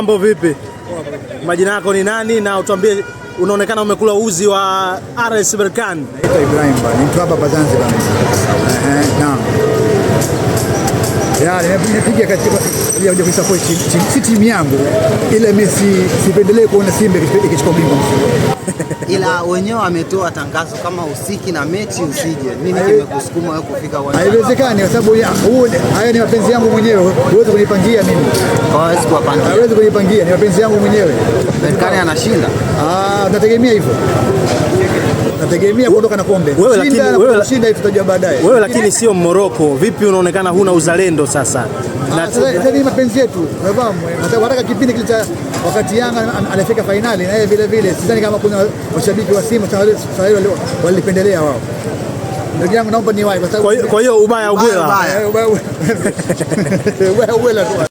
Mambo vipi? Majina yako ni nani na utuambie unaonekana umekula uzi wa RS Berkane. Naitwa Ibrahim bana. Nitu hapa hapa Zanzibar. Eh, naam. Ya, nimepiga katika ya kuja kuisupport timu timu yangu ile mimi sipendelee kuona Simba ikichukua bingwa. ila wenyewe wametoa tangazo kama usiki na mechi usije. Nini kimekusukuma wewe kufika uwanjani? Haiwezekani kwa sababu haya ni mapenzi yangu mwenyewe, huwezi kunipangia mimi. Hawezi kuwapangia, hawezi kunipangia, ni mapenzi yangu mwenyewe. Berkane anashinda, ah, nategemea hivyo nategemea kuondoka na kombe. Wewe lakini, wewe lakini sio Moroko. Vipi unaonekana huna uzalendo sasa? Ni mapenzi yetu, nataka kipindi kile cha wakati Yanga anafika fainali na yeye vile vile, sidhani kama kuna washabiki wa Simba walipendelea wao. Ndugu yangu, naomba niwahi. Kwa hiyo ubaya ubwela, ubaya ubwela